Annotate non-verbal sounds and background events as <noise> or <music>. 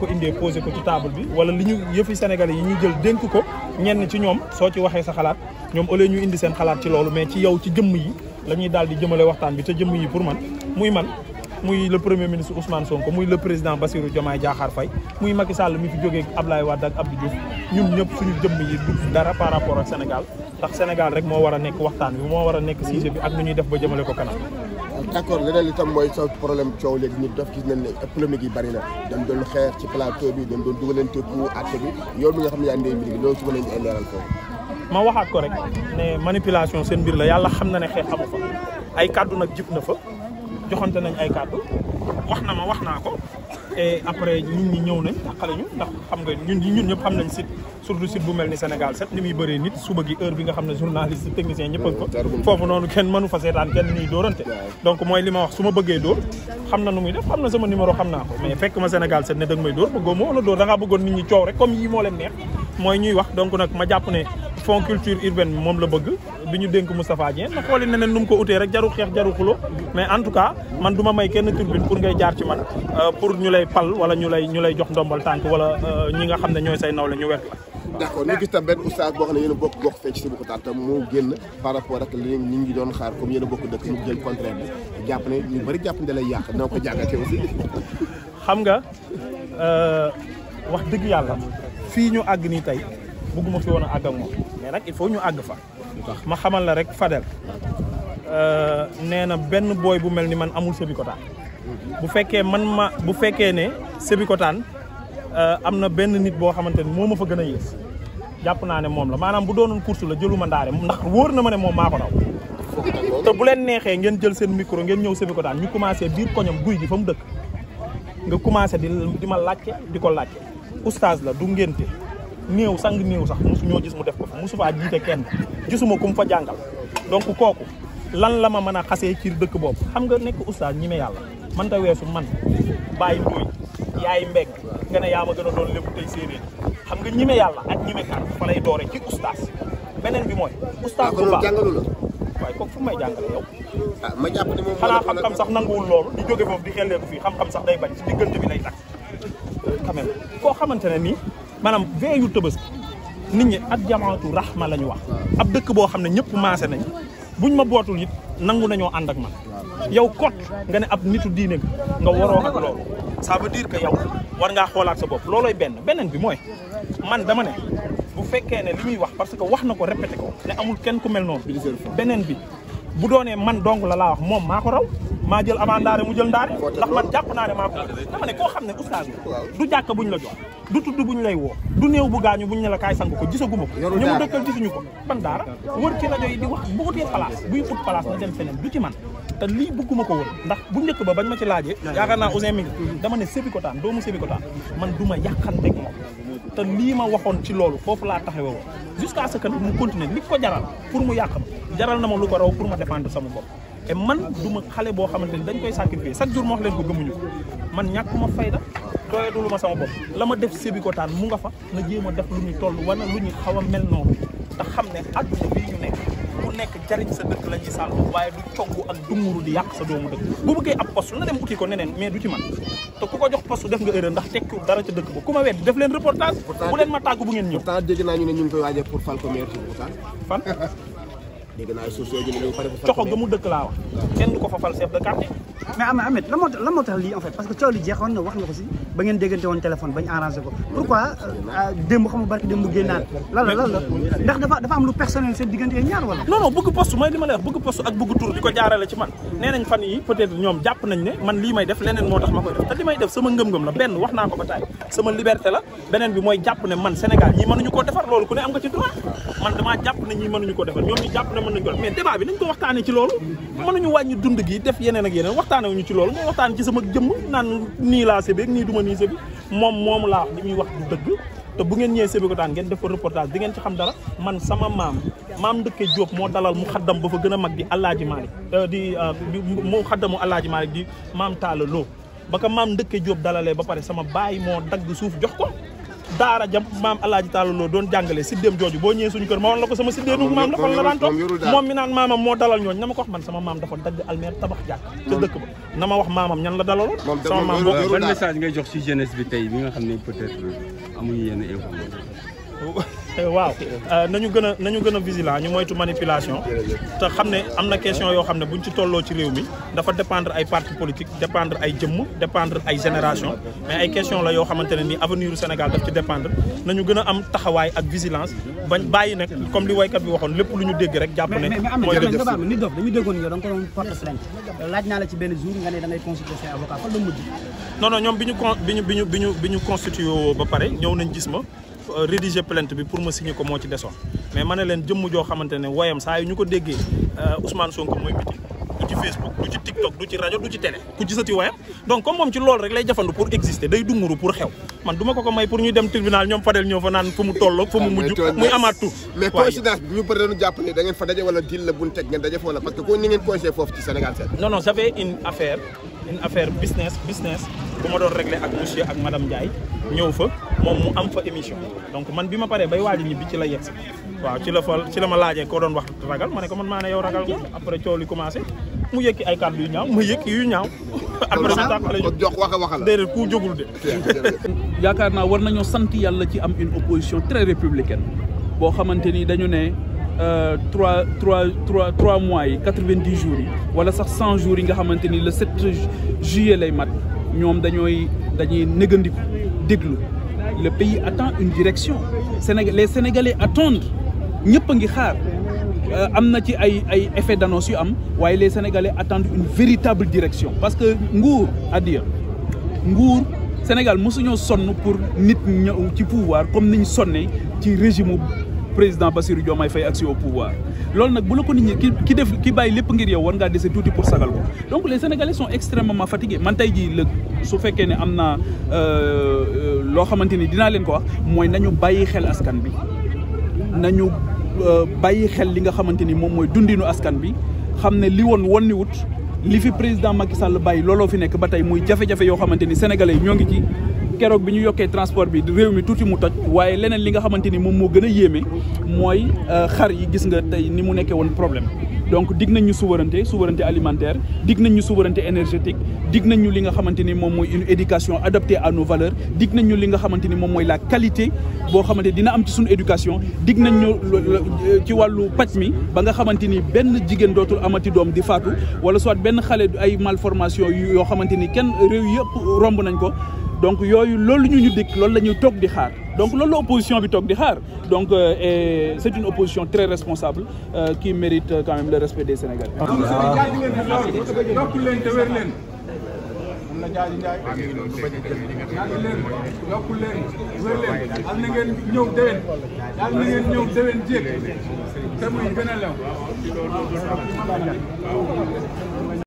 ko indee posé ko ci table bi wala li ñu yëfi sénégalais yi ñuy jël dénk ko ñenn ci ñoom soo ci waxee sa xalaat ñoom au ñu indi seen xalaat ci loolu mais ci yow ci jëmm yi la ñuy daal di jëmale waxtaan bi te jëmm yi pour man muy man muy le premier ministre Ousmane Sonko muy le président Bassirou Diomaye Diakhar Faye muy Macky Sall mi fi jógee Ablaye Wade ak Abdou Diouf ñun ñëpp suñu jëmm yi dara par rapport ak Sénégal ndax Sénégal rek moo war a nekk waxtaan bi moo war a nekk sujet bi ak nu ñuy def ba jëmale ko kanam. d'accord leneen li tam mooy sa problème coow léegi nit daf gis nañ ne polémique yi bari na dañ doon xeex ci plateau bi dañ doon dugalante ku àtte bi yow mi nga xam ne yaa ko rek ne manipulation seen mbir la yàlla xam na ne xeex amu fa ay kàddu nag na fa joxante nañ ay kàddu wax na ma wax naa ko et après ñun ñi ñëw nañ tàqale ñu ndax xam nga ñu ñun ñëpp xam nañ site surtout site bu mel ni Sénégal set ni muy bëree nit su gi heure bi nga xam ne journaliste technicien ñëpp a ko foofu noonu kenn mënu fa seetaan kenn ñuy dóorante donc mooy li ma wax su ma bëggee dóor xam na nu muy def xam na sama numéro xam naa ko mais fekk ma Sénégal set ne da nga may dóor bëggoo ma wala dóor da ngaa bëggoon nit ñi coow moo leen neex mooy ñuy ma jàpp ne fond culture urbaine moom la bëgg bi ñu dénk Moustapha Dieng na xooli neneen nu mu ko utee rek jaru xeex jaru xulo mais en tout cas man du ma may kenn turbine pour ngay jaar ci man euh, pour ñu lay pal wala ñu lay ñu lay jox ndombal tànk wala euh, ñi nga xam ne ñooy say naw la ñu wekk la d' accord ñu gis tam benn oustaz boo xam ne bokk bokk fecc si bu ko tam moo génn par rapport ak li ñu ngi doon xaar comme yéen a bokk dëkk mu jël contraire bi jàpp ne ñu bëri jàpp ne da ko jàngatee aussi xam nga euh, wax dëgg yàlla fii ñu àgg nii tey bugguma fi woon a àgg ak moom mais nag il faut ñu àgg fa ma xamal la rek Fadel euh, nee na benn booy bu mel ni man amul Sébikotane bu fekkee man ma bu fekkee ne Sébikotane euh, am na benn nit boo xamante ni moo ma fa gën a yées jàpp naa ne moom la maanaam bu doonoon course la jëluma ndaare ndax wóor na ma ne moom maa ko daw te bu leen neexee ngeen jël seen micro ngeen ñëw Sébikotane ñu commencé biir koñam guy gi fa mu dëkk nga commencé di di ma laajte di ko laajte oustaz la du ngénte néew sang néew sax mosu ñoo gis mu def ko fa mosu faa jiite kenn gisuma ku mu fa jàngal donc kooku lan la ma mën a xasee ci dëkk boobu xam nga nekk oustaz ñi yàlla man ta weesu man bàyyi ndóoy yaay mbeg nga ne yaa ma gën a doon lépp tey séeréer xam nga ñi yàlla ak ñi me kar fa lay doore ci oustaz beneen bi mooy oustaz bu baax jàngalu la waaye kooku fu may jàngale yow ah, ma jàpp ne moom xanaa xam-xam sax nanguwul loolu di jóge foofu di xelleeku fii xam-xam sax day bañ ci bi lay tax quand même koo xamante maanaam veillu Tabaski nit ñi ak jamaatu rahma la ñu wax ab dëkk boo xam ne ñëpp maase nañ buñ ma bootul it nangu nañoo ànd ak man yow kot nga ne ab nitu diine nga waroo ak loolu ça veut dire que yow war ngaa xoolaat sa bopp loolooy benn beneen bi mooy man dama ne bu fekkee ne li muy wax parce que wax na ko répété ko ne amul kenn ku mel noonu beneen bi bu doonee man dong la laa wax moom maa ko raw maa jël avant ndaare mu jël ndaare ndax man jàpp naa ne maa ko dama ne koo xam ne oustaz du jàkk buñ la jox du tudd buñ lay woo du néew bu gaañu buñ ne la kaay sang ko gisaguma ko ñu mu dëkkal gisuñu ko ban daara wër ci rajo yi di wax bu utee place buy ut place na dem feneen du ci man te lii bëgguma ko wër ndax bu njëkk ba bañ ma ci laajee yaakaar naa Ousseyn mi dama ne Sébikotane doomu Sébikotane man du ma yàqanteeg moom te lii ma waxoon ci loolu foofu laa taxawe woon jusqu'à ce que li ko jaral pour mu yàq ma ma lu ko raw pour ma dépendre sama bopp et man du ma xale boo xamante ni dañ koy sacrifier chaque jour ma wax leen ko gëmuñu ko man ñàkk ma fayda doyatulu ma sama bopp la ma def ko Sébikotane mu nga fa na jéem a def lu ñu toll wala lu ñu xaw a mel noonu te xam ne àdduna bii ñu nekk ku nekk jariñ sa dëkk la ñuy sàllo waaye du cogg ak dunguru di yàq sa doomu dëkk bu bëggee ab poste na dem uti ko neneen mais du ci man te ku ko jox poste def nga erreur ndax tekki dara ca dëkk ba ku ma wedd def leen reportage bu ngeen ñëw pourtant dégg naa ñu ne <laughs> coxo ga mu dëkk laa kenn du ko fa fal chef de mais am Ameth moo tax lii en parce que coow li jeexoon wax nga ko si ba ngeen déggante woon téléphone bañ arrangé ko pourquoi euh, démb xam nga barki démb génnaat lan la lan la ndax dafa dafa am lu personnel seen diggante yéen ñaar wala non non bëgg mooy li ma lay ak bëgg tur di ko jaarale ci man nee fan yi peut être ñoom jàpp nañ ne man lii may def leneen moo tax ma koy def te li may def sama ngëm-ngëm la benn wax naa ko ba taay sama ne man Sénégal waxtaanewuñu ci loolu ngay waxtaan ci sama jëmm naan nii laa sébeeg nii du ma nii sébi moom moom laa wax li muy wax du dëgg te bu ngeen ñëwee Sébikotane ngeen def ko reportage di ngeen ci xam dara man sama maam maam Ndëkke Diop moo dalal mu xaddam ba fa gën a mag di Alaaji Maalik euh, di euh, mu xaddamu Alaaji Maalik di maam Taala Lo ba ko maam Ndëkke Diop dalalee ba pare sama baay moo dagg suuf jox ko daara jam maam alaaji Taala Lo doon jàngale siddeem jooju boo ñëwee suñu kër ma wan la ko sama siddeemu maam la kon la daan toog moom mi naan maamam moo dalal ñooñ na ma ko wax man sama maam dafa dagg almeer tabax jàkk ca dëkk ba na ma wax maamam ñan la dalaloon sama maam boo ban message ngay jox ci jeunesse bi tey mi nga xam ne peut-être amuñu yenn information Euh, waaw euh, nañu gën a nañu gën a vigilant ñu moytu manipulation te xam ne am na question yoo xam ne buñ ci tolloo ci réew mi dafa dépendre ay parti politique dépendre ay jëmm dépendre ay génération mais ay question la yoo xamante ne nii avenir u Sénégal daf ci dépendre nañu gën am taxawaay ak vigilance bañ bàyyi nag comme li waykat bi waxoon lépp lu ñu dégg rek jàpp ne mooy la jëf ni dof dañu benn jour nga ne da ñoom bi ñu bi ñu bi ñu bi ñu bi ñu constitué ba pare ñëw nañ gis ma rédiger plainte bi pour ma signer ko moo ci desoon mais ma ne leen jëmm joo xamante ne woyam saa yu ñu ko déggee euh, Ousmane Sonko mooy biti du ci Facebook du ci TikTok du ci rajo du ci télé ku gisati woyam donc comme moom ci loolu rek lay jafandu pour exister day dunguru pour xew man du ma ko ko may pour ñu dem tribunal ñoom Fadel ñoo fa naan fu mu tolloog fu mu ah, mujj muy fa daje wala deal daje fa parce que ko ni ngeen conseillé foofu ci Sénégal seet non non bu ma doon réglé ak monsieur ak madame Ndiaye ñëw fa moom mu am fa émission donc man bi ma paree bay waaj a ñibbi ci la yegg si waaw ci la fa ci la ma laajee ko doon wax ragal ma ne ko man maa ne yow ragal ko après coow li commencé mu yëkki ay kàddu yu ñaaw mu yëkki yu ñaaw. après ñu tàq la jox wax a wax la déedéet ku <laughs> yaakaar naa war nañoo sant yàlla ci am une opposition très républicaine boo xamante ni dañu ne. Euh, trois trois trois trois mois yi quatre-vingt-dix jours yi wala sax cent jours yi nga xamante ni le sept juillet lay mat ñoom dañooy dañuy négandiku déglu le pays attend une direction Sénégal les Sénégalais attendent ñëpp a ngi xaar euh, am na ci ay ay effet d'annonce yu am waaye les Sénégalais attendent une véritable direction parce que nguur addiya nguur Sénégal mosuñoo sonn pour nit ñëw ci pouvoir comme niñ sonne ci régime président Bassirou Diomaye Faye fay au pouvoir loolu nag bu la ko nit ñi ki ki def ki bàyyi lépp ngir yow war ngaa dese tuuti pour sagal ko donc les sénégalais sont extrêmement fatigués man tey jii la su fekkee ne am naa euh, euh, loo xamante ni dinaa leen ko wax mooy nañu bàyyi xel askan bi nañu euh, bàyyi xel li nga xamante ni moom mooy dundinu askan bi xam ne li woon woon ni wut li fi président Macky Sall bàyyi looloo fi nekk ba tey muy jafe-jafe yoo xamante ni sénégalais yi ñoo ngi ci keroog bi ñu yokkee transport bi réew mi tuuti mu toj waaye leneen li nga xamante ni moom moo gën a yéeme mooy euh, xar yi gis nga tey ni mu nekkee woon problème donc dig nañu ñu souveraineté alimentaire dig nañu ñu souveraineté énergétique dig nañ ñu li nga xamante ni moom mooy une éducation adaptée à nos valeurs dig nañ li nga xamante ni moom mooy la qualité boo xamante ni dina am ci suñu éducation dig nañ ñu euh, ci wàllu paj mi ba nga xamante ni benn jigéen dootul amati doom di faatu wala soit benn xale ay mal formation yoo xamante ni kenn réew yëpp romb nañ ko donc yooyu loolu ñu ñu dikk loolu la ñuy toog di xaar donc loolu la opposition bi toog di xaar donc euh, et c'est une opposition très responsable euh, qui mérite euh, quand même le respect des Sénégalais. Ah, am na jaaji njaay yokk leen wér leen yal na ngeen ñëw déwén yal